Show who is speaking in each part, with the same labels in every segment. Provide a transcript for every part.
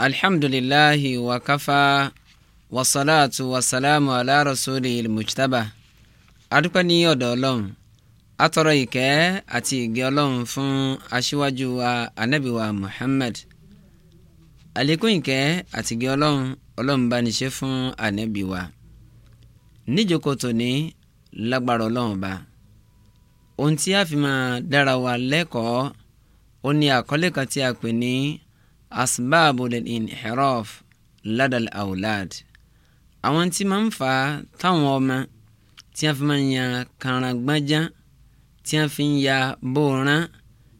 Speaker 1: alhamdulilahi wa kafa wasalaatu wasalaamu ala rasuli ilmujtaba adúpẹ́ ní ọ̀dọ̀ ọlọ́run atọrọ ìkẹ́ àti ìgẹ́ ọlọ́run fún aṣíwájú wa ànábì wa muhammad àlékún ìkẹ́ àti ìgẹ́ ọlọ́run ọlọ́run bá ní ṣe fún ànábì wa níjókòó tòní lágbára ọlọ́run ba ohun tí a fi máa dára wa lẹ́kọ̀ọ́ ó ní àkọlé kan tí a pè ní asbaabu lil inhiraf ladal awlad àwọn tí máa ń fa táwọn ọmọ tí a fi máa ń ya kàràǹgbájá tí a fi ń ya bòóràn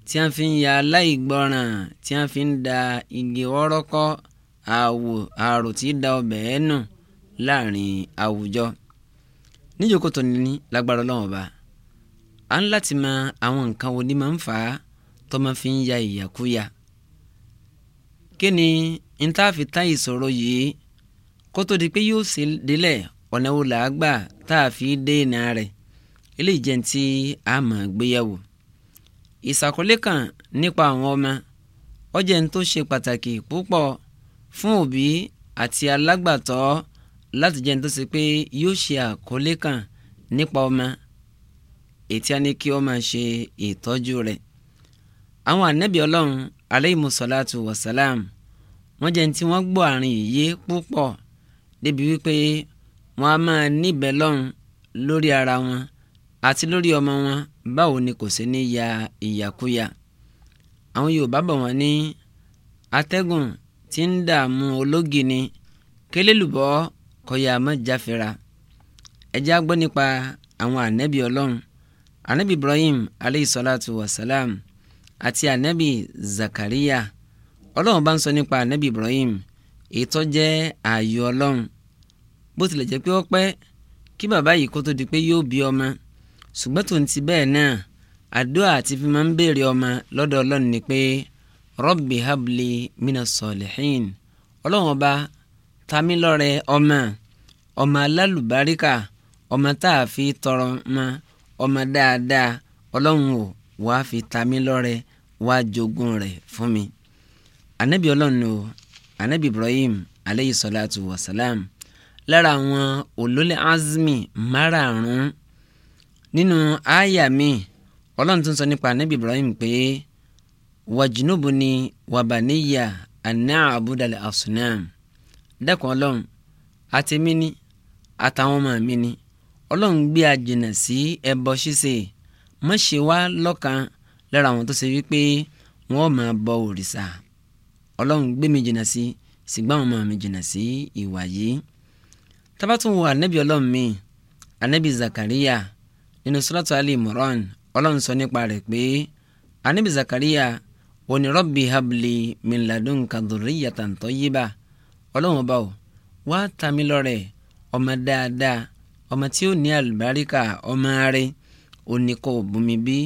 Speaker 1: tí a fi ń ya aláìgbọràn tí a fi ń da igi wọ́rọ́kọ́ àwò àrò da ọbẹ̀ ẹ̀ láàrin àwùjọ níjókòó ní lágbára ọlọ́wọ́n ọba à ń láti mọ àwọn nǹkan wo ni máa ń fà tó máa fi ń ya ìyàkúyà kí ni ntaafi tán ìṣòro yìí kó tó di pé yóò ṣe délẹ̀ ọ̀nà wo làá gbà tá a fi dènà rẹ̀ eléyìí jẹ́ ti a máa gbéyàwó. ìṣàkọlé kan nípa àwọn ọmọ ó jẹ́ ń tó ṣe pàtàkì púpọ̀ fún òbí àti alágbàtọ́ láti jẹ́ ń tó ṣe pé yóò ṣe àkọlé kan nípa ọmọ ètí a ní kí ó máa ṣe ìtọ́jú rẹ̀. àwọn ànábì ọlọ́run aleyhimu salatu wa salam wọ́n jẹ́ tí wọ́n gbọ́ àárín yìí púpọ̀ débi wípé wọ́n á máa níbẹ̀ lọ́rùn lórí ara wọn àti lórí ọmọ wọn báwo ni kò sí ní ya ìyàkúyà àwọn Yorùbá bọ̀ wọ́n ní atẹ́gùn tí ń dààmú ológi ni kélélùbọ́ kọyà mọ́jáfẹ́ra ẹjẹ́ á gbọ́ nípa àwọn ànẹ́bí Ọlọ́run ànẹ́bí Ibrahim aleyhisalatu wasalam àti ànábì Zakaria, ọlọ́run bá ń sọ nípa ànábì Ibrahim ètò jẹ́ ààyò ọlọ́run bó tilẹ̀ jẹ́ pé ó pẹ́ kí bàbá yìí kó tó di pé yóò bí ọmọ ṣùgbọ́n tó ń ti bẹ́ẹ̀ náà àdúrà àti fi máa ń béèrè ọmọ lọ́dọ̀ ọlọ́run ni pé Rabbi habli mina salihin ọlọ́run ọba tami lọ́rẹ ọmọ ọmọ alálùbáríkà ọmọ tá a fi tọrọ mọ ọmọ dáadáa ọlọ́run ò wá fi tami wá jogún rẹ̀ fún mi anabi ọlọ́run anabi Ibrahim aleyhi salatu wa salam lára àwọn olólè azmi márààrún nínú àyà mi ọlọ́run tún sọ nípa anabi Ibrahim pé wàjúnúbùnì wàbàníyà àná àbúdàlẹ̀ àsùnàm dẹ́kun ọlọ́run àti mí ni àtàwọn ọmọ mi ni ọlọ́run gbé àjìnà sí ẹbọ ṣíṣe má ṣe lọ́kàn lára àwọn tó ṣe wípé wọ́n máa bọ òrìṣà ọlọ́run gbé mi jìnnà sí ṣùgbọ́n àwọn máa mi jìnnà sí ìwà yìí tabatun wo anabi ọlọ́run mi anabi Zakaria, nínú suratu Ali Imran ọlọ́run sọ nípa rẹ̀ pé anabi Zakariya òní Rabbi habli min ladunka dhurriyatan tayyiba ọlọ́run ọba o wá ta mí lọ́rẹ ọmọ dáadáa ọmọ tí ó ní àlùbáríkà ọmọ rẹ̀ òní kò bùnmi bí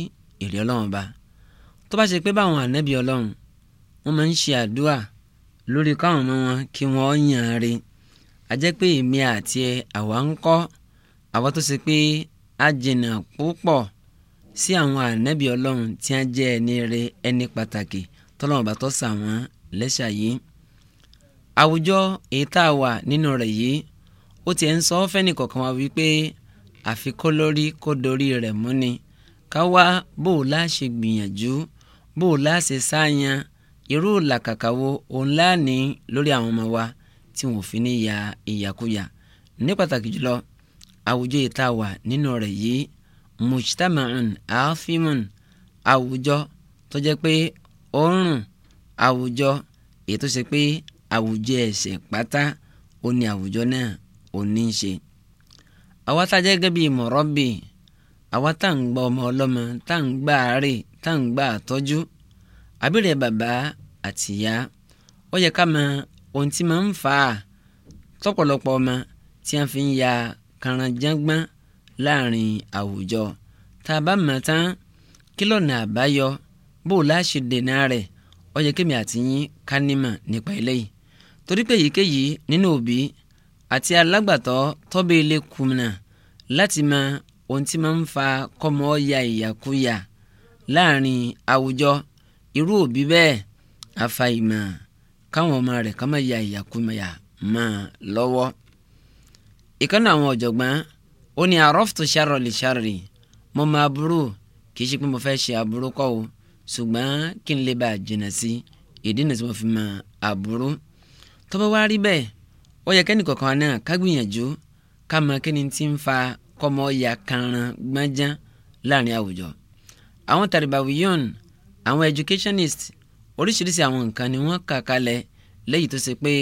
Speaker 1: èrè ọlọ́run bá tó bá ṣe pé báwọn ànábì ọlọ́run wọ́n máa ń ṣe àdúrà lórí káwọn ọmọ wọn kí wọ́n yàn án rí a jẹ́ pé èmi àti ẹ àwa ń kọ́ àwa tó ṣe pé a jìnnà púpọ̀ sí àwọn ànábì ọlọ́run tí a jẹ́ ẹni rẹ ẹni pàtàkì tọ́lọ́mọba tó sà wọ́n lẹ́ṣà yìí àwùjọ èyí tá a wà nínú rẹ̀ yìí ó ti ẹ̀ ń sọ fẹ́ni kọ̀ọ̀kan wá wípé àfikún lórí kó dorí rẹ̀ mú ni ká wá bó o lá ṣe gbìyànjú bó o lá ṣe sáyan irú làkàkà wo òun láàní lórí àwọn ọmọ wa tí wọn fi ní ya ìyàkúyà ní pàtàkì jùlọ àwùjọ yìí tá a wà nínú rẹ̀ yìí mujtama'un afimun àwùjọ tó jẹ́ pé òórùn àwùjọ èyí tó ṣe pé àwùjọ ẹ̀ṣẹ̀ pátá ó àwùjọ náà ò ní ṣe. àwa tá a jẹ́ gẹ́gẹ́ bíi mọ̀rọ́bì àwa tá à ń gba ọmọ ọlọ́mọ tá à ń gba àárẹ̀ tá à ń gba àtọ́jú àbírẹ̀ bàbá àtìyá ó yẹ ká mọ ohun tí máa ń fà á tọ́pọ̀lọpọ̀ ọmọ tí wọ́n fi ń ya kàràǹjàngbọ́n láàrin àwùjọ tá a bá mọ̀ tán kí lọ́nà àbáyọ bó o láṣẹ dènà rẹ̀ ó yẹ kémi àti yín ká nímọ̀ nípa eléyìí torí pé èyíkéyìí nínú òbí àti alágbàtọ́ tọ́bẹ̀ láti mọ ohun tí máa ń fa kọ́mọ ya ìyàkúyà láàrin àwùjọ irú òbí bẹ́ẹ̀ àfàìmọ̀ káwọn ọmọ rẹ̀ ká má ya ìyàkúyà mọ́ lọ́wọ́. ìkànnì àwọn ọ̀jọ̀gbọ́n ó ní àrọ́fùtù sáró lè sáré mo máa burú kì í ṣe pé mo fẹ́ ṣe àbúrú kọ́ o ṣùgbọ́n kí n lè bá a jìnnà sí ìdí nìyí tí mo fi mọ àbúrú tó wá rí bẹ́ẹ̀ ó yẹ kẹ́nìkọ̀ọ̀kan náà ká gbìyànjú ká mọ kí ni ti ń fa kọ́mọ ya kanran gbọ́nján láàrin àwùjọ. àwọn tàríbàwíyọ̀n àwọn educationist oríṣiríṣi àwọn nǹkan ni wọ́n kà kalẹ̀ lẹ́yìn tó ṣe pé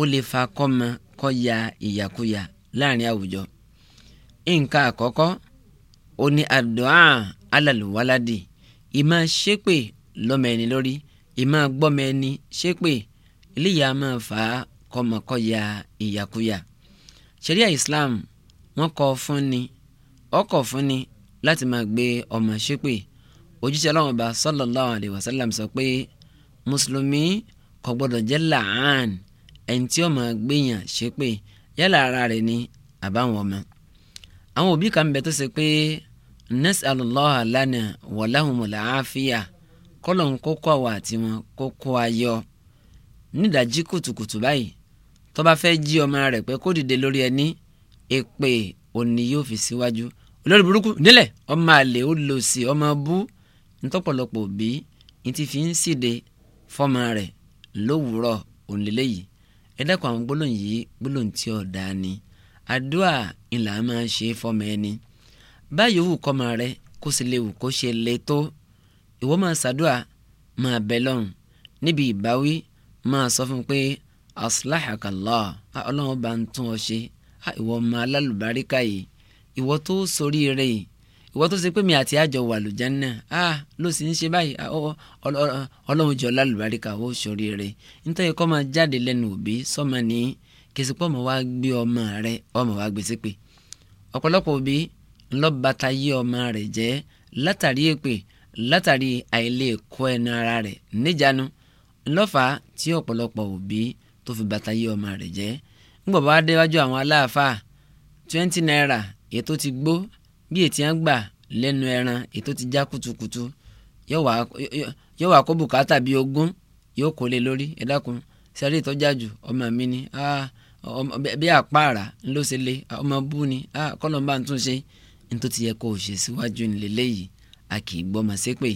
Speaker 1: ó lè fa kọ́mọ kọ́ ya ìyàkúyà láàrin àwùjọ. nǹkan àkọ́kọ́ ó ní àdúà alàlùwáládì ìmọ̀ ṣépè lọ́mọ ẹni lórí ìmọ̀ gbọ́mọ ẹni ṣépè eléyìí máa fà á kọ́mọkọ́ya ìyàkúyà. ṣẹ̀ríà Islam wọ́n kọ̀ fún ni ọkọ̀ fún ni láti máa gbé ọmọ ṣépè òjíṣẹ́ ọlọ́run ọba sallallahu alayhi wa sallam sọ pé mùsùlùmí kò gbọ́dọ̀ jẹ́ làán ẹni tí ó máa gbéyàn ṣépè yálà ara rẹ̀ ni àbáwọn ọmọ àwọn òbí kan bẹ tó ṣe pé nas'alullaha lana wa lahumul afiya kọ́lọ̀n kókó àwọ̀ àti wọn kókó ayọ̀ nídàjí kùtùkùtù báyìí tó bá jí ọmọ rẹ̀ pé kó dìde lórí ẹni èpè òní yóò fi síwájú olórí burúkú nílẹ̀ ọmọ àlè ó lò sí ọmọ bú ntọ́pọ̀lọpọ̀ bí n ti fi ń síde fọ́mọ rẹ̀ lówùúrọ̀ òǹlélẹ́ yìí ẹ dákun àwọn gbólóhùn yìí gbólóhùn tí ò dáa ni àdúà ńlá máa ṣe fọ́mọ ẹni báyìí òwú kọ́mọ rẹ kó sì léwu kó ṣe le tó ìwọ máa ṣàdúà máa bẹ lọ́run níbi ìbáwí máa sọ fún pé aslahaka Allah ọlọ́run bá ń tún ọ ṣe ìwọ ọmọ alálùbáríkà yìí ìwọ tó sórí rẹ yìí ìwọ tó ṣe pé mi àti àjọ wà lùjánná a ló sì ń ṣe báyìí ọlọ́run jọ lálùbáríkà ó sórí rẹ nítorí kọ́ máa jáde lẹ́nu òbí sọ́mọ ní kìsìpọ̀ ọmọ wa gbé ọmọ rẹ ọmọ wa gbèsè pé ọ̀pọ̀lọpọ̀ òbí ńlọ́bàtà yí ọmọ rẹ̀ jẹ́ látàrí èpè látàrí àìlè kọ́ ẹnu ara rẹ̀ níjànú ńlọ́fà tí ọ̀pọ̀lọpọ̀ òbí tó fi bàtà yí ọmọ rẹ̀ jẹ́ ńgbọ̀ bá déwájú àwọn aláàfáà twenty naira ètò ti gbó bí ètí á gbà lẹ́nu ẹran ètò ti já kutukutu yóò wá kó bùkátà bíi ogún yóò kó lé lórí ẹ dákun sẹ́rí ìtọ́jà jù ọmọ mi ni bí àpáàrà ló ṣe lé ọmọ bú ni kọ́nà bá ń tún ṣe nítorí ti yẹ kó o ṣe síwájú nílẹ̀ yìí a kì í gbọ́ màá ṣépè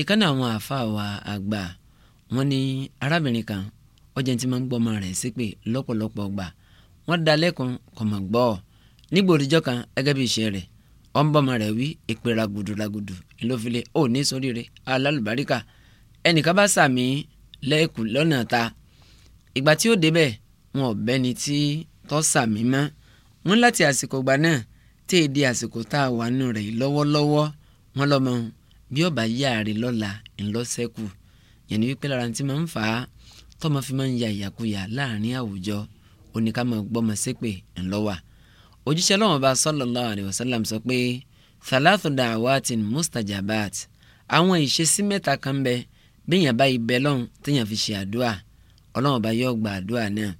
Speaker 1: ìkànnì àwọn àáfàá wa àgbà wọn ni arábìnrin kan ọjà tí máa ń gbọ́ ọmọ rẹ̀ sípè lọ́pọ̀lọpọ̀ gbà wọ́n da lẹ́kùn kò mọ̀ gbọ́ ọ nígbà òdìjọ́ kan gẹ́gẹ́ bí iṣẹ́ rẹ̀ ọ̀ ń bọ́ ọmọ rẹ̀ wí èpè ragudu ragudu ńlọ́filẹ̀ ò ní sóríire alálùbáríkà ẹnìkan bá sàmì lẹ́kùn lọ́nà ta ìgbà tí ó débẹ̀ wọn ò bẹ́ni tí tọ́ sàmì mọ́ wọn láti àsìkò gbà náà tí èdè àsìkò tá a wà nù rẹ̀ lọ́wọ́lọ́wọ́ wọn lọ́mọ bí ọba yáàrí lọ́la ńlọ́sẹ́kù yẹn ni wípé lára ti máa ń fà á tọ́mọ fi máa ń ya ìyàkuyà láàrin àwùjọ oníkàmọ́ gbọ́mọ ṣépè ńlọ́wà òjíṣẹ́ Ọlọ́hun bá sallallahu alayhi wa sallam sọ pé thalathu da'awatin mustajabat àwọn ìṣesí mẹ́ta kan bẹ bíyàn bá ibẹ̀ lọ́hùn téèyàn fi ṣe àdúrà Ọlọ́hun bá yóò gba àdúrà náà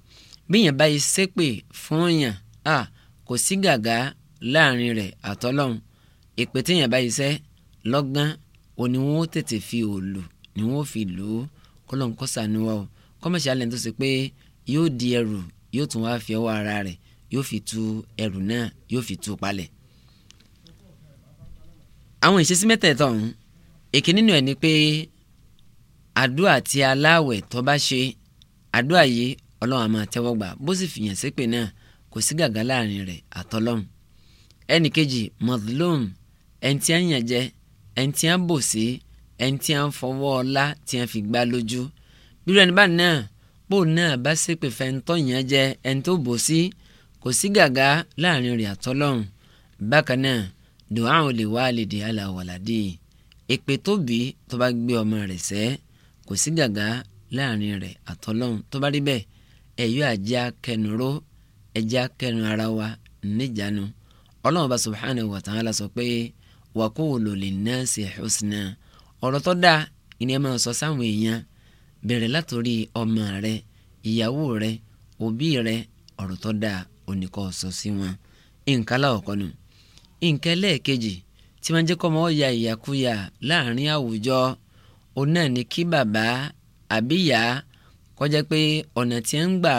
Speaker 1: bíyàn bá ṣépè fún yàn à kò sí gàgá láàrin rẹ̀ àtọ́lọ́hùn èpè téèyàn bá iṣẹ́ lọ́gán òní wọn ó tètè fi òòlù ni wọn ó fi lù ú kọ́lọ́n kó ṣàánú kọ́mọ̀sí alẹ́ tó ṣe pé yóò di ẹrù yóò tún wá fi ọwọ́ ara rẹ̀ yóò fi tú ẹrù náà yóò fi tú palẹ̀. àwọn ìṣesí mẹ́tẹ̀ẹ̀tọ̀ ọ̀hún èké nínú ẹ̀ ni pé àdúrà tí aláwẹ̀ tó bá ṣe àdúrà yìí ọlọ́run á máa tẹ́wọ́ gbà bó sì fìyàn ṣépè náà kò sí gàgà láàrin rẹ̀ àtọlọ́run ẹnì kejì mọ̀dúlóhùn ẹni tí a ń yàn ẹni tí a ń bò ẹni tí a ń fọwọ́ ọlá tí a fi gbá lójú bírò ẹni báyìí náà bóun náà bá ṣépè fẹ́ntọ́ yẹn jẹ ẹni tó bò sí kò sí gàgá láàrin rẹ̀ àtọ́lọ́hún bákan náà dùhán ò lè wá lè dè aláwọ̀ládì èpè tóbi tó bá gbé ọmọ rẹ̀ sẹ́ kò sí gàgá láàrin rẹ̀ àtọ́lọ́hún tó bá rí bẹ́ẹ̀ ẹ̀yọ́ àjẹ́ akẹnuró ẹ̀jẹ̀ akẹnu ara wa níjànú ọlọ́run bá subhanahu wa ta'ala sọ pé waqulu linnasi husna ọ̀rọ̀ tó dáa ìní ẹ̀ máa sọ sáwọn èèyàn bẹ̀rẹ̀ látòrí ọmọ rẹ ìyàwó rẹ òbí rẹ ọ̀rọ̀ tó dáa oníkọ́ sọ sí wọn nǹkan aláwọ̀kọ́ nù nǹkan ẹlẹ́ẹ̀kejì tí wọ́n jẹ́ kọ́ ọmọ ọ̀ya ìyàkuyà láàrin àwùjọ òun náà ni kí bàbá àbíyá kọjá pé ọ̀nà tí ń gbà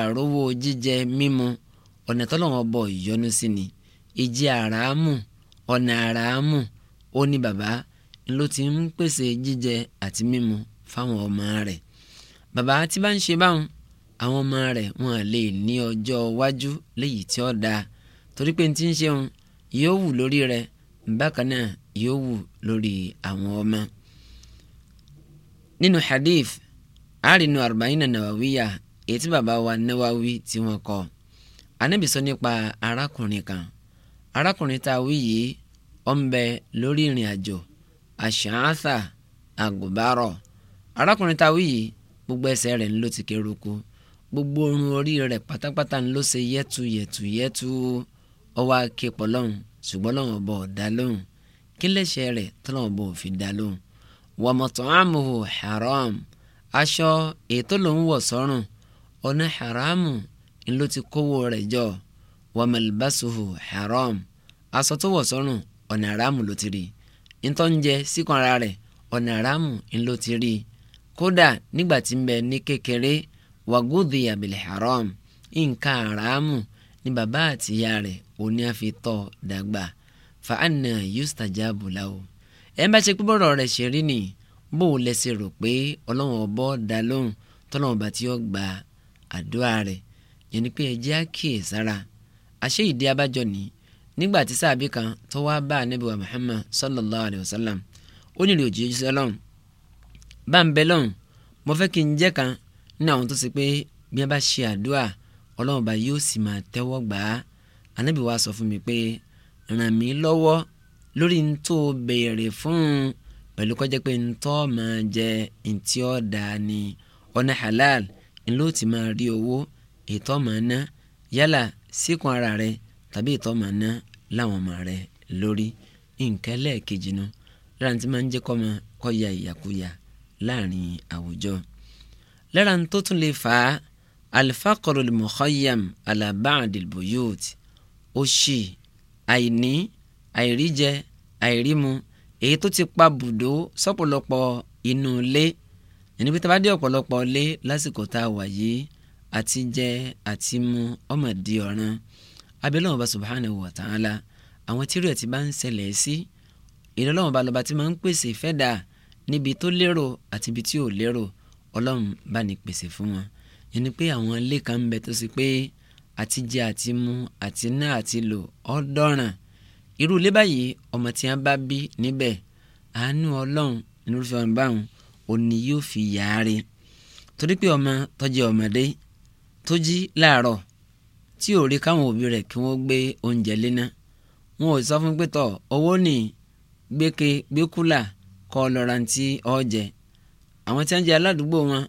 Speaker 1: jíjẹ mímu ọ̀nà tọ́lọ́wọ́n bọ̀ ni àràámù ọ̀nà àràámù ó ní bàbá ló ti ń pèsè jíjẹ àti mímu fáwọn ọmọ rẹ̀ bàbá tí bá ń ṣe báwọn àwọn ọmọ rẹ̀ wọn lè ní ọjọ́ iwájú léyìí tí ó dáa torí pé ti ń ṣeun yóò wù lórí rẹ̀ bákan náà yóò wù lórí àwọn ọmọ. nínú hadith àrínú arba'ina nawawiya èyí tí bàbá wa Nawawi tí wọ́n kọ Ànábì sọ nípa arákùnrin kan arákùnrin tá a wí yìí ó ń bẹ lórí ìrìn àjò àṣàáṣà àgùbárọ̀ arákùnrin tá a wí yìí gbogbo ẹsẹ̀ rẹ̀ ńlọ ti kéruku gbogbo orun orí rẹ̀ pátápátá ńlọ ṣe yẹ́tu yẹ́tu yẹ́tu ọwọ́ ake pọ̀ lọ́hùn ṣùgbọ́n lọ́hùn ọba ọ̀dá lóhùn kí lẹ́sẹ̀ rẹ̀ òfin dá lóhùn. wa mat'amuhu haram aṣọ ètò ló ń wọ̀ sọ́rùn ọ̀nà haramu ńlọ ti kówó rẹ̀ jọ wa malbasuhu haram aṣọ tó wọ̀ sọ́rùn ọ̀nà haramu ló ti rí ntọ́njẹ síkànra rẹ̀ ọ̀nà haramu ńlọ ti rí i kódà nígbà tí ń bẹ ní kékeré wàgódì àbílẹ̀ haram nǹkan àràámù ni bàbá àtìyá rẹ̀ òní àfi tọ́ dàgbà fàánà yustajabu lahu ẹ̀ ń bá ṣe pé bọ́rọ̀ rẹ̀ ṣe rí ni bó o lẹ́sẹ̀ rò pé ọlọ́run ọbọ̀ dá lóhùn tọ́lọ́run bá ti yọ gba àdúrà rẹ̀ yẹn ni pé ẹ jẹ́ àkíyèsára àṣé ìdí abájọ ni nígbà tí sáàbì kan tó wá bá ànábì wa Muhammad sallallahu alayhi wa sallam ó nílò òjijì sọlọ́run bá ń bẹ lọ́hùn mo fẹ́ kí n jẹ́ kan ní àwọn tó ṣe pé bí wọ́n bá ṣe àdúrà ọlọ́run bá yóò sì máa tẹ́wọ́ gbà á anábì wa sọ fún mi pé ràn mí lọ́wọ́ lórí n tó béèrè fún un pẹ̀lú kó pé n tó máa jẹ n tí ó dáa ni ọ̀nà halal n ló ti máa rí owó ètò máa ná yálà síkùn ara rẹ tàbí ètò máa ná láwọn ọmọ rẹ lórí nǹkan lẹ́ẹ̀kejì nu lára máa ń jẹ́ kọ́ máa kọ́ ya ìyàkúyà láàrin àwùjọ. lára tó tún lè fà á alifakoro limokoyam alabaadilboyot òṣì àìní àìríjẹ àìrímu èyí tó ti pa bùdó sọ́pọ̀lọpọ̀ inú ilé ẹni pé tábàdé ọ̀pọ̀lọpọ̀ ilé lásìkò tá a wà yìí àti jẹ àti mu ọmọ di ọ̀ràn abẹ́lẹ́wọ̀n bá subhanahu wa ta'ala àwọn tírú ẹ̀ ti bá ń ṣẹlẹ̀ sí ìdọ́lọ́wọ̀n bá lọ́ba tí máa ń pèsè fẹ́dà níbi tó lérò àti ibi tí ò lérò ọlọ́run bá ní pèsè fún wọn yẹn ni pé àwọn ilé kan ń bẹ tó ṣe pé àti jẹ àti mu àti ná àti lò ọ̀dọ́ràn irú ilé báyìí ọmọ tí wọn bá bí níbẹ̀ àánú ọlọ́run nírúfẹ́ ọmọ báwọn òní yóò fi yáre torí pé ọmọ tó jẹ́ ọmọdé tó jí láàárọ̀ tí ò rí káwọn òbí rẹ̀ kí wọ́n gbé oúnjẹ léná wọn ò sọ fún pé tọ̀ owó nì gbéke gbékúlà kọ́ lọ́ra tí ọ jẹ àwọn tí wọ́n jẹ aládùúgbò wọn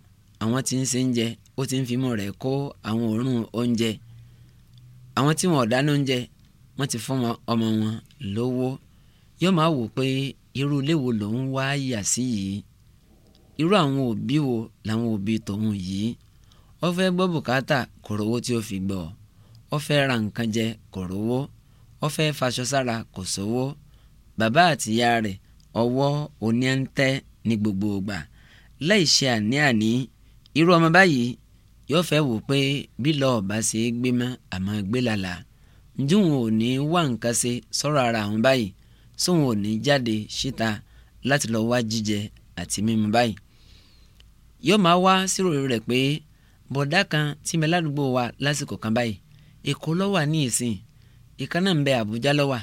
Speaker 1: àwọn tí ń se ń jẹ ó ti ń fimú rẹ̀ kó àwọn òórùn oúnjẹ àwọn tí wọn ò dáná oúnjẹ wọ́n ti fún ọmọ wọn lówó yóò máa wò pé irú ilé wo lòun wá yà sí yìí irú àwọn òbí wo làwọn òbí tòun yìí ó fẹ́ gbọ́ bùkátà kò tí ó fi gbọ́ ó fẹ́ ra nǹkan jẹ kò ó fẹ́ faṣọ sára kò sówó bàbá àtìyá rẹ̀ ọwọ́ oníẹ̀ńtẹ́ ní gbogbo ìgbà láì ṣe àní-àní irú ọmọ báyìí yóò fẹ́ wò pé bí lọ́ọ́ bá ṣe é gbé mọ́ àmọ́ gbé lálàá njúwọn ò ní wá nǹkan ṣe sọ́rọ̀ ara àwọn báyìí sóun ò ní jáde síta láti lọ wá jíjẹ àti mímu báyìí yóò máa wá síròrí rẹ̀ pé bọ̀dá kan tí mẹ ládùúgbò wa lásìkò kan báyìí èkó ló wà ní ń bẹ àbújá ló wà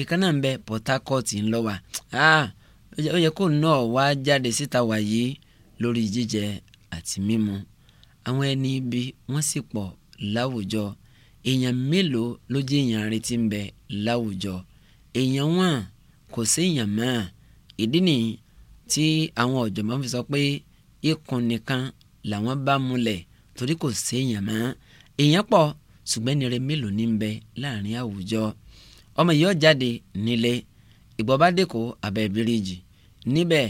Speaker 1: ìkànnà ń bẹ Port Harcourt ń lọ wa ah, ó yẹ kó náà wá jáde síta wàyí lórí jíjẹ àti mímu àwọn ẹni ibi wọ́n sì pọ̀ láwùjọ èèyàn mélòó ló jẹ́ èèyàn retí ń bẹ láwùjọ èèyàn wọn kò sí èèyàn máa ìdí nìyí tí àwọn ọ̀jọ̀gbọ́n fi sọ pé ikùn nìkan làwọn bá múlẹ̀ torí kò sí èèyàn máa èèyàn pọ̀ ṣùgbọ́n ẹni mélòó ní ń bẹ láàrin àwùjọ ọmọ yìí ó jáde nílé ìgbọ́ba dẹ́kọ̀ abẹ́ bíríìjì níbẹ̀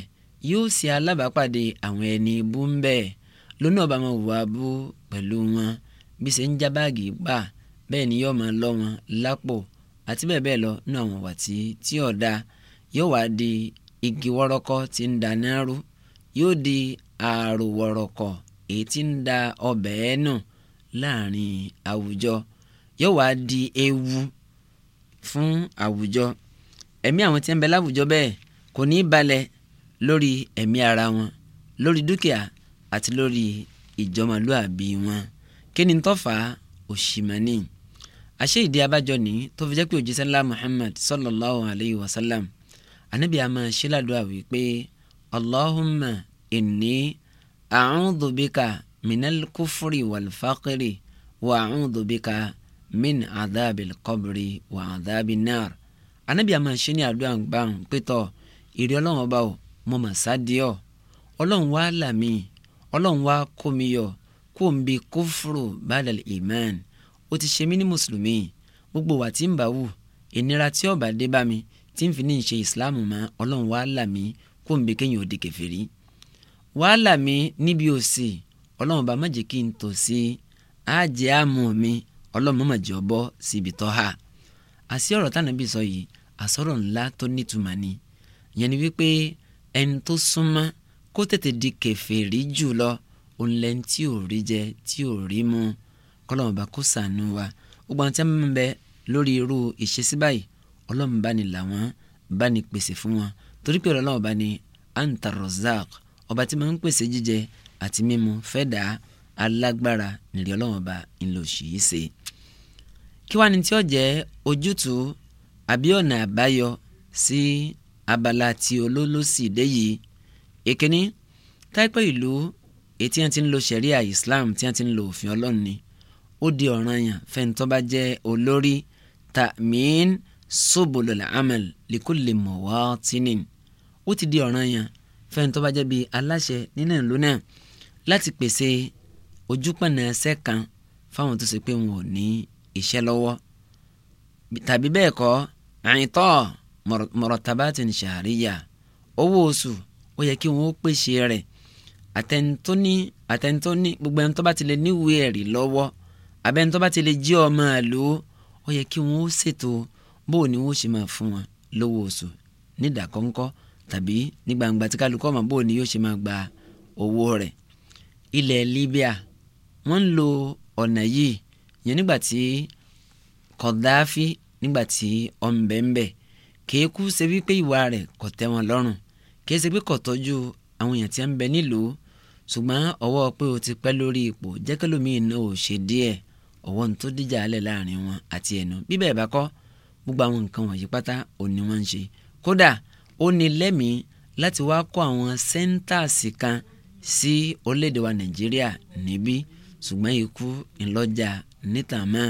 Speaker 1: yóò ṣe alábàápàdé àwọn ẹni bú ń bẹ́ẹ̀ lónà ọba máa wà bú pẹ̀lú wọn bí ṣe ń já báàgì gbà bẹ́ẹ̀ ni yóò máa lọ́ wọn lápò àti bẹ́ẹ̀ bẹ́ẹ̀ lọ nínú àwọn wàtí tí ọ̀dà yóò wá di igi wọ́rọ́kọ́ tí ń da náírú yóò di ààrò wọ̀rọ̀kọ̀ èyí tí ń da ọbẹ̀ ẹ̀ nù láàrin àwùjọ yóò wá di ewu fún àwùjọ ẹ̀mí àwọn tí ń bẹ láwùjọ bẹ́ẹ̀ kò ní í balẹ̀ lórí ẹ̀mí ara wọn lórí dúkìá àti lórí ìjọmọlúàbí wọn kí ni tó fà á òṣìmọ́ni àṣé ìdí abájọ ni tó fi jẹ́ pé òjíṣẹ́ ńlá Muhammad sallallahu alayhi wa sallam anabi àmọ́ ṣíládùá wípé Allahumma inni a'udhu bika minal kufri wal faqri wa min adabil kọbiri wa adabi nar anabi àmà ṣe ní àdúrà gbàùn pétọ ìrẹ Ọlọ́run ọba o mo mà sádìọ Ọlọ́run wá là mí Ọlọ́run wá kó mi yọ n bi kófòrò badal iman ó ti ṣe mí ní mùsùlùmí gbogbo wa tí ń bá wù ìnira tí ọba dé bá mi tí ń fi ní ṣe ìsìláàmù mọ́ ma. wá là mí kó n bi kéèyàn ó di kèfèrí wá là níbi òsì Ọlọ́run bá má jẹ́ kí n tòsí á jẹ́ àmọ́ mi ọlọ́mọọmọ jẹ́ ọbọ̀ síbi tọ́ ha àsí ọ̀rọ̀ tánàbí sọ yìí àsọ̀rọ̀ ńlá tó nítumọ̀ ni yẹn ni wípé ẹni tó súnmọ́ kó tètè di kèfèrí jù lọ òun tí ò rí jẹ tí ò rí mu kọ́lọ́mọba kó sànù wa gbogbo àwọn tí wọ́n ń bẹ lórí irú ìṣesí báyìí ọlọ́run bá ní làwọn bá ní pèsè fún wọn torí pé ọlọ́run bá ní anta rozak ọba tí máa ń pèsè jíjẹ àti mímu fẹ́ dàá alágbára nìrí ọlọ́run bá ńlọ òṣìṣẹ́ kí wàá ní tí ó jẹ́ ojútùú àbí ọ̀nà àbáyọ sí abala tí olólùsìdé yìí ìkíní táìpẹ́ ìlú ètí ẹ̀ ti ń lo ṣẹ̀ríà Islam tí ẹ̀ ti ń lo òfin Ọlọ́run ni ó di ọ̀ranyàn fẹ́ntọ́ bá jẹ́ olórí ta'min subulul amel likulli muwatinin ó ti di ọ̀ranyàn fẹ́ntọ́ bá jẹ́ bí aláṣẹ nínú ìlú náà láti pèsè ojúpọ̀nà ẹsẹ̀ kan fáwọn tó ṣe pé wọn ò ní iṣẹ́ lọ́wọ́ tàbí bẹ́ẹ̀ kọ́ àyìntọ́ mọ̀rọ̀tàbátì ní ṣàríyà owó oṣù ó yẹ kí wọ́n ó pèsè rẹ̀ àtẹnitóní àtẹnitóní gbogbo ẹni tó bá ti lè níwèé ẹ̀rí lọ́wọ́ abẹ́ni tó bá ti lè jí ọmọ àlò ó yẹ kí wọ́n ṣètò bóò ni wọ́n ṣe máa fún wọn lówó oṣù nídàkọ́ńkọ́ tàbí ní gbangba tí kálukọ́ ọmọ bóò ni yóò ṣe máa gba owó rẹ̀ ilẹ̀ Libya wọ́n ń lo ọ̀nà yìí yẹn nígbà tí Kọ̀dáfì nígbà tí ọ̀nbẹ̀ǹbẹ̀ kìí kú ṣe wípé ìwà rẹ̀ kò tẹ́ wọn lọ́rùn kìí ṣe pé kò tọ́jú àwọn èèyàn tí ń bẹ nílùú ṣùgbọ́n ọwọ́ pé o ti pẹ́ lórí ipò jẹ́kẹ́lómìn náà ò ṣe díẹ̀ ọwọ́ ní tó díjà alẹ́ láàrin wọn àti ẹnu bíbẹ̀ ẹ̀ bá kọ́ gbogbo àwọn nǹkan wọ̀nyí pátá ò ní wọ́n ń ṣe kódà ó ní lẹ́mìí láti wá kọ́ àwọn sẹ́ńtàsì kan sí orílẹ̀-èdè wa Nàìjíríà níbí ṣùgbọ́n ikú ńlọ́jà níta mọ́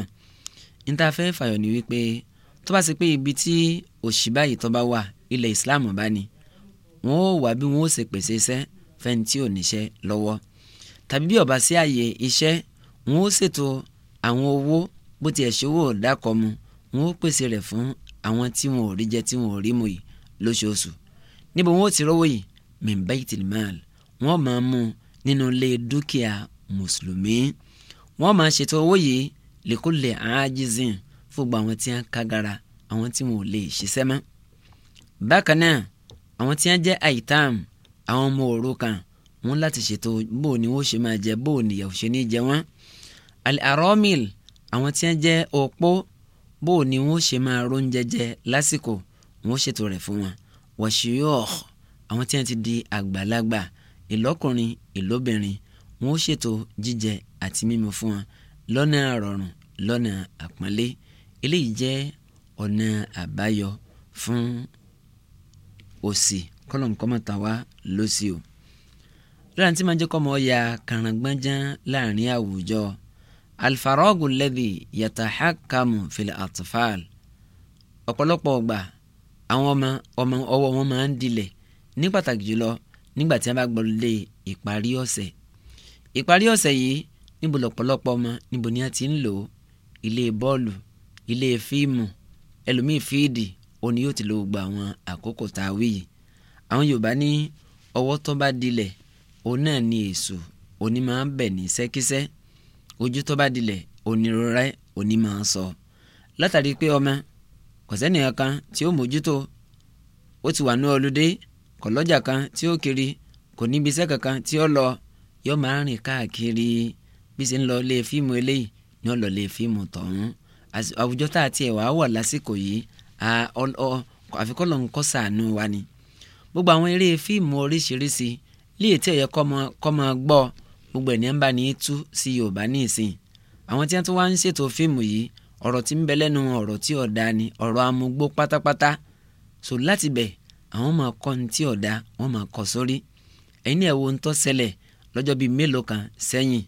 Speaker 1: níta fẹ́ fàyọ̀ ni wípé tó bá ṣe pé ibi tí òṣì báyìí tó bá wà ilẹ̀ ìsìláàmù bá ní wọn ó wà bí wọn ó ṣe pèsè iṣẹ́ fẹ́ni tí ò níṣẹ́ lọ́wọ́ tàbí bí ọba sí àyè iṣẹ́ wọn ó ṣètò àwọn owó bó tiẹ̀ ṣòwò dákọ̀ mu wọn ó pèsè rẹ̀ fún àwọn tí wọn ò rí jẹ tí wọn ò rí mu yìí lóṣooṣù níbo wọn ó ti rówó yìí min baitil mal wọn máa mú nínú ilé dúkìá mùsùlùmí wọ́n máa ṣètò owó yìí lèkúlè àájízìn fúgbà àwọn tí wọ́n kágara àwọn tí wọn ò lè ṣiṣẹ́ mọ́ bákan náà àwọn tí wọ́n jẹ́ àìtàm àwọn ọmọ òrukàn wọ́n láti ṣètò bó ni wọ́n ṣe máa jẹ bó ni ìyàwó ṣe ní jẹ wọ́n àrọ́mìl àwọn tí wọ́n jẹ́ opó bó ni wọ́n ṣe máa róúnjẹ jẹ lásìkò wọ́n ṣètò rẹ̀ fún wọn wàṣíọ́ àwọn tí wọ́n ti di àgbàlagbà ìlọ́kùnrin ìlóbìnrin wọn ó ṣètò jíjẹ àti mímu fún wọn lọ́nà àrọ̀rùn lọ́nà àpọ́nlé eléyìí jẹ́ ọ̀nà àbáyọ fún òṣì kọ́lọ̀nkọ́mọ̀ta wá lọ́sí o lọ́nà tí máa jẹ́ kọ́ ọmọ ya kàràǹgbọ́nján láàrin àwùjọ alfarọ́gù lẹ́bi yàtàhákàmù fìlẹ̀ àtúfàl ọ̀pọ̀lọpọ̀ ọgbà àwọn ọmọ ọmọ ọwọ́ wọn máa ń dilẹ̀ ní pàtàkì jùlọ nígbà tí wọ́n bá gbọ́ lé ìparí ọ̀sẹ̀ ìparí ọ̀sẹ̀ yìí níbo lọ̀pọ̀lọpọ̀ ọmọ níbo ni a ti ń lò ó ilé bọ́ọ̀lù ilé fíìmù ẹlòmíì fíìdì òní yóò ti lò gba àwọn àkókò tá a wí yìí àwọn Yorùbá ní ọwọ́ tó bá dilẹ̀ òun náà ni èso òní máa ń bẹ̀ ní sẹ́kísẹ́ ojú tó bá dilẹ̀ onírúurẹ́ òní máa ń sọ látàrí pé ọmọ kọ̀sẹ́nìyàn kan tí ó mójútó ó ti wà ní ọlùdé kọ̀lọ́jà kan tí ó kiri kò níbi iṣẹ́ kankan tí ó lọ yóò máa rìn káàkiri bí ṣe ń lọ lé fíìmù eléyìí ni ó lọ lé fíìmù tọ̀hún àwùjọ tá a tiẹ̀ wàá wà lásìkò yìí àfikún ló ń kọ́ sàánú wa ni gbogbo àwọn eré fíìmù oríṣiríṣi léè tí ẹ̀yẹ kọ́ máa gbọ́ gbogbo ẹ̀ ní ń bá ní tú sí Yorùbá ní ìsìn àwọn tí wọ́n ti wá ń ṣètò fíìmù yìí ọ̀rọ̀ tí ń bẹ lẹ́nu ọ̀rọ̀ tí ọ̀dà ni ọ̀rọ̀ amúgbó pátápátá so láti bẹ̀ àwọn máa kọ́ ní tí ọ̀dà wọ́n máa kọ́ sórí ẹ̀yin ẹ̀ wo ń tọ́ ṣẹlẹ̀ lọ́jọ́ bíi mélòó kan sẹ́yìn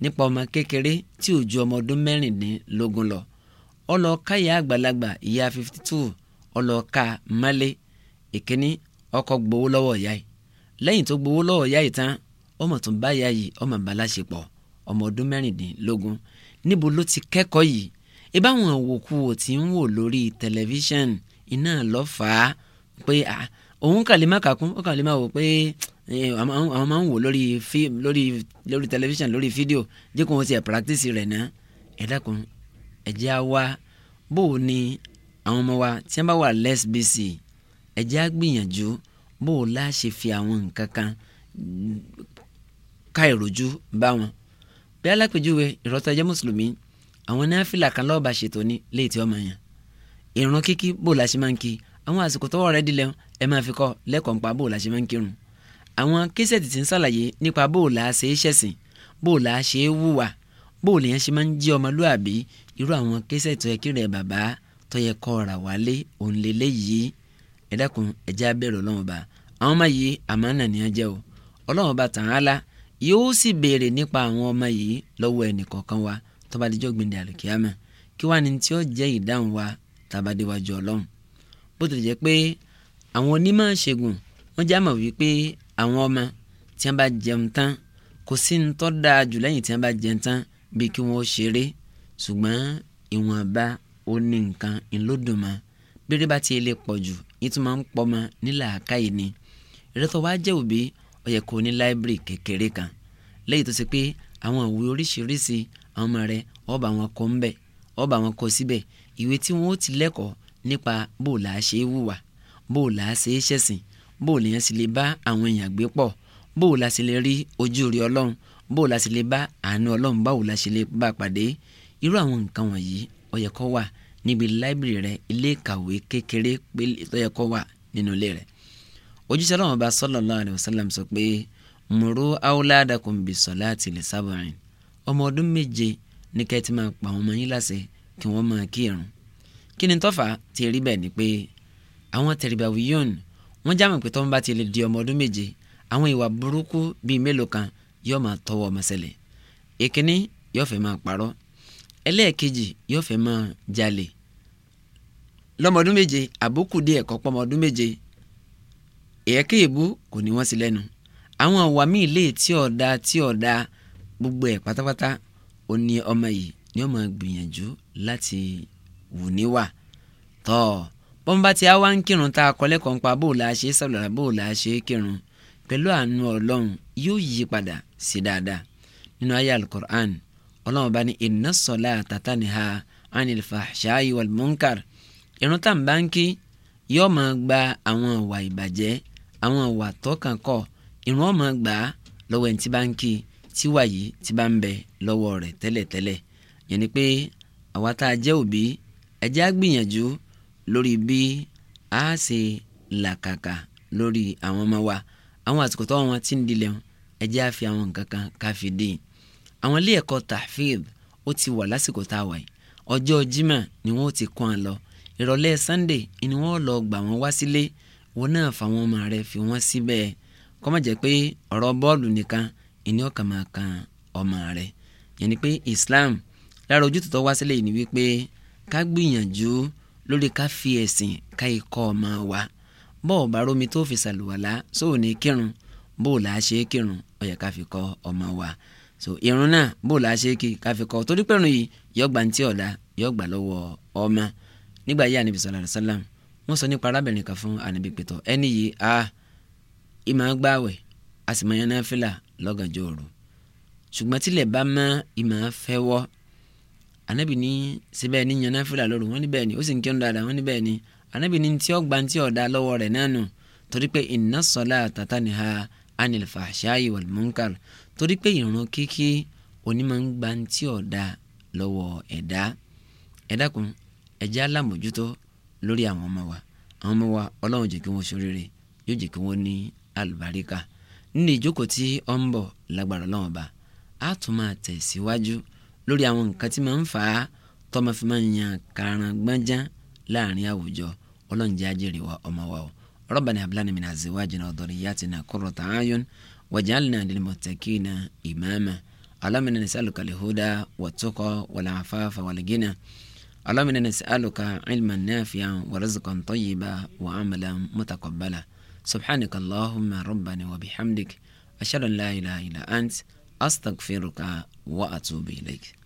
Speaker 1: nípa ọmọ kékeré tí ò ju ọmọ ọdún mẹ́rìndínlógún lọ ọlọ́ọ̀ká ìyá àgbàlagbà ìyá fifty two ọlọ́ọ̀ká málé ìkíní ọkọ̀ gbowó lọ́wọ́ ìyá yìí lẹ́yìn tó gbowó lọ́wọ́ ìyá yìí tán ọmọ tó ń bá ìyá yìí ọmọ ìbáláṣepọ̀ ọmọ ọdún mẹ́rìndínlógún níbo ló ti kẹ́kọ̀ọ́ yìí ìbáwọn òwòkú ò ti ń wò lórí tẹlifíṣàn iná lọ́fàá pé òun kàlẹ́ má kàkún ó kàlẹ́ má wò pé àwọn máa ń wò lórí fíìmù lórí lórí tẹlifíṣàn lórí fídíò jẹ́ kó wọ́n ti ẹ̀ practice rẹ̀ ná ẹ dákun ẹ jẹ́ á wá bó o ní àwọn ọmọ wa tí wọ́n bá wà less busy ẹ jẹ́ á gbìyànjú bó o láṣẹ fi àwọn nǹkan kan ká ìròjú bá wọn bí alápèjúwe ìrọ́tọ̀ ẹjẹ́ mùsùlùmí àwọn náfìlà kan lọ́ọ̀bà ṣètò ní léètì ọmọ yẹn ìrun kíkí bó la ṣe máa ń kí àwọn àsìkò tọwọ́ rẹ dilẹ̀ ẹ máa fi kọ́ lẹ́kọ̀ọ́ nípa bó la ṣe máa ń kírun àwọn késẹ̀tì ti ń sàlàyé nípa bóòlà ṣe é ṣẹ̀sìn bóòlà ṣe é wùwà bóòlù yẹn ṣe máa ń jẹ́ ọmọlúàbí irú àwọn késẹ̀ tó yẹ kí rẹ̀ bàbá tó yẹ kọ́ ra wálé òun lélẹ́ yìí ẹ dákun ẹ̀já bẹ̀rù ọlọ́run ọba àwọn ọmọ yìí àmánà ni wọ́n jẹ́ o ọlọ́run ọba Ta'ala yóò sì béèrè nípa àwọn ọmọ yìí lọ́wọ́ ẹnìkọ̀ọ̀kan wa tó bá dijọ́ gbìndé àlùkìyàmà kí wàá ní tí ó jẹ́ ìdáhùn wa tàbádéwájú ọlọ́run bó tilẹ̀ jẹ́ pé àwọn onímọ̀ ṣègùn wọ́n já mọ̀ wípé àwọn ọmọ tí wọ́n bá jẹun tán kò sí ní tọ́ dáa jù lẹ́yìn tí wọ́n bá jẹun tán bí kí wọ́n ṣeré ṣùgbọ́n ìwọ̀nba ó ní nǹkan ńlọ́dùnmọ́ bẹ́rẹ̀ bá ti lè pọ̀ jù ìtumọ̀ ń pọ̀ mọ́ nílà àkáyé ni ìrẹ́tọ̀ wá jẹ́ òbí ó yẹ kó ní láìbírì kékeré kan lẹ́yìn tó ṣe pé àwọn ìwé oríṣiríṣi àwọn ọmọ rẹ ó bá wọn kọ ńbẹ̀ ó wọn kọ síbẹ̀ ìwé tí wọn ó ti lẹ́kọ̀ọ́ nípa bó ṣe é wùwà bó ṣe é ṣẹ̀sìn bó lèyàn sì lè bá àwọn èèyàn gbé pọ̀ bó la sì lè rí ojú rí ọlọ́run bó la sì lè bá àánú ọlọ́run báwo la sì lè bá pàdé irú àwọn nǹkan wọ̀nyí ó yẹ kó wà níbi láìbìrì rẹ ilé ìkàwé kékeré tó yẹ kó wà nínú ilé rẹ ojúṣe ọlọ́run ọba sallallahu alaihi wasallam sọ pé muru awladakum bisolati lisab'in ọmọ ọdún méje ní kẹ́ ẹ ti máa pa àwọn ọmọ yín láṣẹ kí wọ́n máa kírun kí ni tọ́fà ti rí bẹ́ẹ̀ ni pé àwọn tẹ̀rìbàwíyọ́nù wọ́n jámọ̀ pé tọ́mọ bá ti lè di ọmọ ọdún méje àwọn ìwà burúkú bíi mélòó kan yóò máa tọwọ́ ọmọ ṣẹlẹ̀ èkíní yóò fẹ́ máa parọ́ ẹlẹ́ẹ̀kejì yóò fẹ́ máa jalè lọ́mọdún méje àbúkù díẹ̀ kọ́ pọ́mọdún méje èyẹ́kẹ́ èbú kò ní wọ́n sí lẹ́nu àwọn ọ̀wà míì lè tí ọ̀dà tí ọ̀dà gbogbo ẹ̀ pátápátá ó ní ọmọ yìí ni ó máa gbìyànjú láti wù níwà tọ́ bọ́n bá ti á wá ń kírun tá a kọ́ lẹ́kọ̀ọ́ nípa bó la ṣe sàlùwàlá bó la ṣe kírun pẹ̀lú àánú ọlọ́run yóò yí padà sí dáadáa nínú ayé alukur'an ọlọ́run bá ní inna salata tanha anil fahshai wal munkar irun tá n bá ń kí yóò máa gba àwọn ìwà ìbàjẹ́ àwọn ìwà tọ́kàn kọ́ irun ó máa gbà á lọ́wọ́ ẹni tí bá ń kí tí wà yìí tí bá ń bẹ lọ́wọ́ rẹ̀ tẹ́lẹ̀tẹ́lẹ̀ yẹn ni pé àwa tá a jẹ́ òbí ẹ á gbìyànjú lórí bí a ṣe làkàkà lórí àwọn ọmọ wa àwọn àsìkò tó wọn ti ń dilẹ̀ ẹ jẹ́ àfi àwọn nǹkan kan ká dé àwọn ilé ẹ̀kọ́ tahfidh ó ti wà lásìkò tá a wà yìí ọjọ́ jimá ni wọ́n ti kọ́ ọ lọ ìrọ̀lẹ́ sunday ni wọ́n lọ gbà wọ́n wá sílé wọn náà fàwọn ọmọ rẹ fi wọ́n síbẹ̀ kó má jẹ́ pé ọ̀rọ̀ bọ́ọ̀lù nìkan ìní ọ̀kan máa kan ọmọ rẹ yẹn ni pé Islam lára ojútùú tó wá sílẹ̀ yìí ni wípé ká gbìyànjú lórí ká fi ẹ̀sìn ká ikọ́ ọmọ wa bọ́ọ̀ bá rómi tó fi ṣàlùwàlá sóò ní kírun bóò là á ṣe é kírun ó yẹ ká fi kọ́ ọmọ wa so irun náà bóò là á ṣe é kí ká fi kọ́ torí pẹ̀rù yìí yọgbà ntí ọ̀la yọgbà lọ́wọ́ ọmọ nígbà yìí ànibí sallallahu alaihi wasallam sọ nípa arábìnrin kan fún ànibí pẹ̀tọ̀ ẹni yìí a ìmọ̀ gbààwẹ̀ a sì máa yan náfìlà lọ́gànjọ́ òru ṣùgbọ́n tílẹ̀ bá mọ́ ìmọ̀ fẹ́ wọ́ anabi ní ṣe bẹ́ẹ̀ ni yan náfìlà lóru wọ́n ní bẹ́ẹ̀ ni ó sì ń kírun dáadáa wọ́n ní bẹ́ẹ̀ ni anabi ní tí ó gba tí ó da lọ́wọ́ rẹ̀ náà nù torí pé inna salata tanha anil fahshai wal munkar torí pé ìrun kíkí onímọ̀ ń gba tí ó da lọ́wọ́ ẹ̀dá kun ẹ̀já lámòjútó lórí àwọn ọmọ wa àwọn ọmọ wa ọlọ́run jẹ́ kí wọ́n ṣoríire yóò jẹ́ kí wọ́n ní àlùbáríkà nínú ìjókòó tí ó ń bọ̀ lágbára ọlọ́run ọba á tún máa tẹ̀síwájú si lórí àwọn nǹkan tí máa ń fà á tọ́mọ fi máa ń yan karùn-ún gbọ́njá láàrin àwùjọ ọlọ́njẹ́ ajẹ́rì wa ọmọ wa o rabbana hablana min azwajina wa dhurriyyatina qurrata a'yun waj'alna lilmuttaqina imama allahumma inna nas'aluka al-huda wat-tuqa wal-afafa wal-ghina allahumma inna nas'aluka ilman nafi'an wa rizqan tayyiban wa 'amalan mutaqabbalan subhanaka allahumma rabbana wa bihamdik ashhadu an ilaha illa ant أستغفرك وأتوب إليك